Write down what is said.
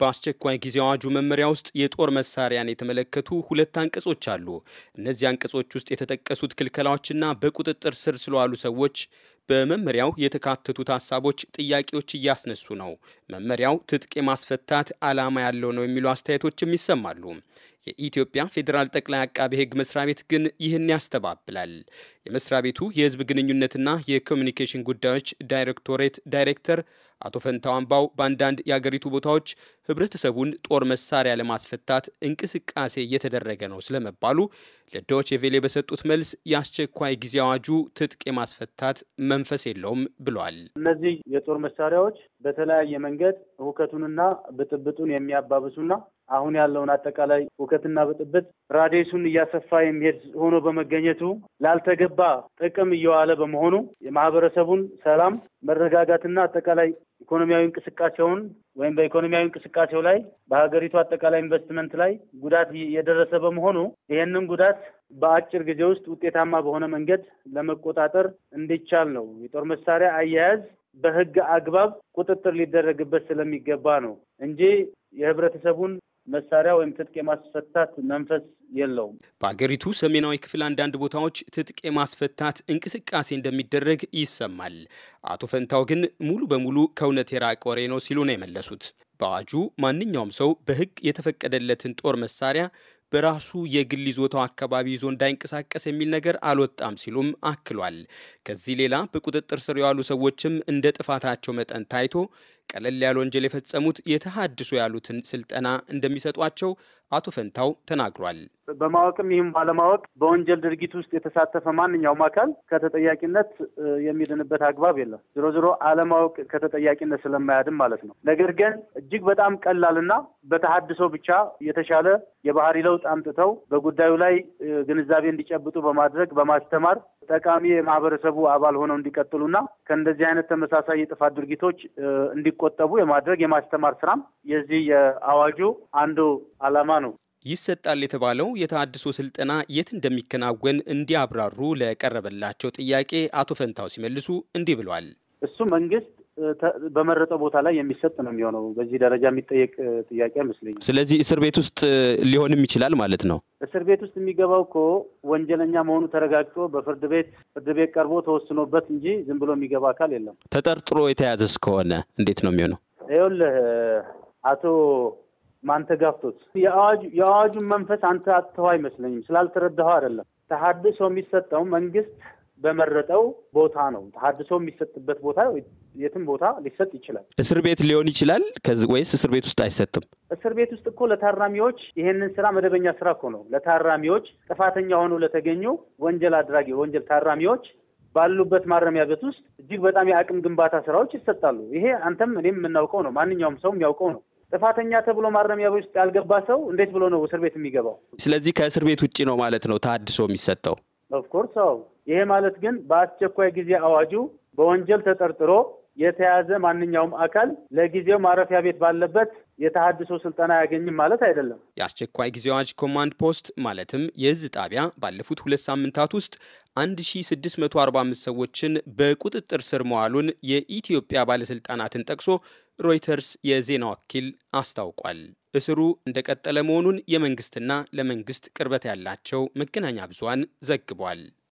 በአስቸኳይ ጊዜ አዋጁ መመሪያ ውስጥ የጦር መሳሪያን የተመለከቱ ሁለት አንቀጾች አሉ። እነዚህ አንቀጾች ውስጥ የተጠቀሱት ክልከላዎችና በቁጥጥር ስር ስለዋሉ ሰዎች በመመሪያው የተካተቱት ሀሳቦች ጥያቄዎች እያስነሱ ነው። መመሪያው ትጥቅ የማስፈታት ዓላማ ያለው ነው የሚሉ አስተያየቶችም ይሰማሉ። የኢትዮጵያ ፌዴራል ጠቅላይ አቃቤ ሕግ መስሪያ ቤት ግን ይህን ያስተባብላል። የመስሪያ ቤቱ የህዝብ ግንኙነትና የኮሚኒኬሽን ጉዳዮች ዳይሬክቶሬት ዳይሬክተር አቶ ፈንታው አምባው በአንዳንድ የአገሪቱ ቦታዎች ህብረተሰቡን ጦር መሳሪያ ለማስፈታት እንቅስቃሴ እየተደረገ ነው ስለመባሉ ለዶች ቬሌ በሰጡት መልስ የአስቸኳይ ጊዜ አዋጁ ትጥቅ የማስፈታት መንፈስ የለውም ብሏል። እነዚህ የጦር መሳሪያዎች በተለያየ መንገድ ሁከቱንና ብጥብጡን የሚያባብሱና አሁን ያለውን አጠቃላይ ሁከትና ብጥብጥ ራዲየሱን እያሰፋ የሚሄድ ሆኖ በመገኘቱ ላልተገባ ጥቅም እየዋለ በመሆኑ የማህበረሰቡን ሰላም፣ መረጋጋትና አጠቃላይ ኢኮኖሚያዊ እንቅስቃሴውን ወይም በኢኮኖሚያዊ እንቅስቃሴው ላይ በሀገሪቱ አጠቃላይ ኢንቨስትመንት ላይ ጉዳት የደረሰ በመሆኑ ይህንን ጉዳት በአጭር ጊዜ ውስጥ ውጤታማ በሆነ መንገድ ለመቆጣጠር እንዲቻል ነው። የጦር መሳሪያ አያያዝ በህግ አግባብ ቁጥጥር ሊደረግበት ስለሚገባ ነው እንጂ የህብረተሰቡን መሳሪያ ወይም ትጥቅ የማስፈታት መንፈስ የለውም። በሀገሪቱ ሰሜናዊ ክፍል አንዳንድ ቦታዎች ትጥቅ የማስፈታት እንቅስቃሴ እንደሚደረግ ይሰማል። አቶ ፈንታው ግን ሙሉ በሙሉ ከእውነት የራቀ ወሬ ነው ሲሉ ነው የመለሱት። በአዋጁ ማንኛውም ሰው በሕግ የተፈቀደለትን ጦር መሳሪያ በራሱ የግል ይዞታው አካባቢ ይዞ እንዳይንቀሳቀስ የሚል ነገር አልወጣም ሲሉም አክሏል። ከዚህ ሌላ በቁጥጥር ስር የዋሉ ሰዎችም እንደ ጥፋታቸው መጠን ታይቶ ቀለል ያለ ወንጀል የፈጸሙት የተሃድሶ ያሉትን ስልጠና እንደሚሰጧቸው አቶ ፈንታው ተናግሯል። በማወቅም ይህም ባለማወቅ በወንጀል ድርጊት ውስጥ የተሳተፈ ማንኛውም አካል ከተጠያቂነት የሚድንበት አግባብ የለም። ዞሮ ዞሮ አለማወቅ ከተጠያቂነት ስለማያድም ማለት ነው። ነገር ግን እጅግ በጣም ቀላልና በተሀድሶ ብቻ የተሻለ የባህሪ ለውጥ አምጥተው በጉዳዩ ላይ ግንዛቤ እንዲጨብጡ በማድረግ በማስተማር ጠቃሚ የማህበረሰቡ አባል ሆነው እንዲቀጥሉና ከእንደዚህ አይነት ተመሳሳይ የጥፋት ድርጊቶች እንዲቆጠቡ የማድረግ የማስተማር ስራም የዚህ የአዋጁ አንዱ ዓላማ ነው። ይሰጣል የተባለው የተሃድሶ ስልጠና የት እንደሚከናወን እንዲያብራሩ ለቀረበላቸው ጥያቄ አቶ ፈንታው ሲመልሱ እንዲህ ብሏል። እሱ መንግስት በመረጠው ቦታ ላይ የሚሰጥ ነው የሚሆነው። በዚህ ደረጃ የሚጠየቅ ጥያቄ አይመስለኝም። ስለዚህ እስር ቤት ውስጥ ሊሆንም ይችላል ማለት ነው። እስር ቤት ውስጥ የሚገባው እኮ ወንጀለኛ መሆኑ ተረጋግጦ በፍርድ ቤት ፍርድ ቤት ቀርቦ ተወስኖበት እንጂ ዝም ብሎ የሚገባ አካል የለም። ተጠርጥሮ የተያዘ እስከሆነ እንዴት ነው የሚሆነው? ይኸውልህ አቶ ማንተጋፍቶት የአዋጁን መንፈስ አንተ አትተው አይመስለኝም። ስላልተረዳኸው አይደለም። ተሀድሶ የሚሰጠው መንግስት በመረጠው ቦታ ነው። ተሀድሶ የሚሰጥበት ቦታ የትም ቦታ ሊሰጥ ይችላል። እስር ቤት ሊሆን ይችላል ወይስ እስር ቤት ውስጥ አይሰጥም? እስር ቤት ውስጥ እኮ ለታራሚዎች ይሄንን ስራ መደበኛ ስራ እኮ ነው። ለታራሚዎች ጥፋተኛ ሆነው ለተገኙ ወንጀል አድራጊ ወንጀል ታራሚዎች ባሉበት ማረሚያ ቤት ውስጥ እጅግ በጣም የአቅም ግንባታ ስራዎች ይሰጣሉ። ይሄ አንተም እኔም የምናውቀው ነው። ማንኛውም ሰው የሚያውቀው ነው። ጥፋተኛ ተብሎ ማረሚያ ቤት ውስጥ ያልገባ ሰው እንዴት ብሎ ነው እስር ቤት የሚገባው? ስለዚህ ከእስር ቤት ውጭ ነው ማለት ነው ታድሶ የሚሰጠው። ኦፍኮርስ አዎ። ይሄ ማለት ግን በአስቸኳይ ጊዜ አዋጁ በወንጀል ተጠርጥሮ የተያዘ ማንኛውም አካል ለጊዜው ማረፊያ ቤት ባለበት የተሃድሶ ስልጠና አያገኝም ማለት አይደለም። የአስቸኳይ ጊዜ አዋጅ ኮማንድ ፖስት ማለትም የእዝ ጣቢያ ባለፉት ሁለት ሳምንታት ውስጥ 1645 ሰዎችን በቁጥጥር ስር መዋሉን የኢትዮጵያ ባለስልጣናትን ጠቅሶ ሮይተርስ የዜና ወኪል አስታውቋል። እስሩ እንደቀጠለ መሆኑን የመንግስትና ለመንግስት ቅርበት ያላቸው መገናኛ ብዙሃን ዘግቧል።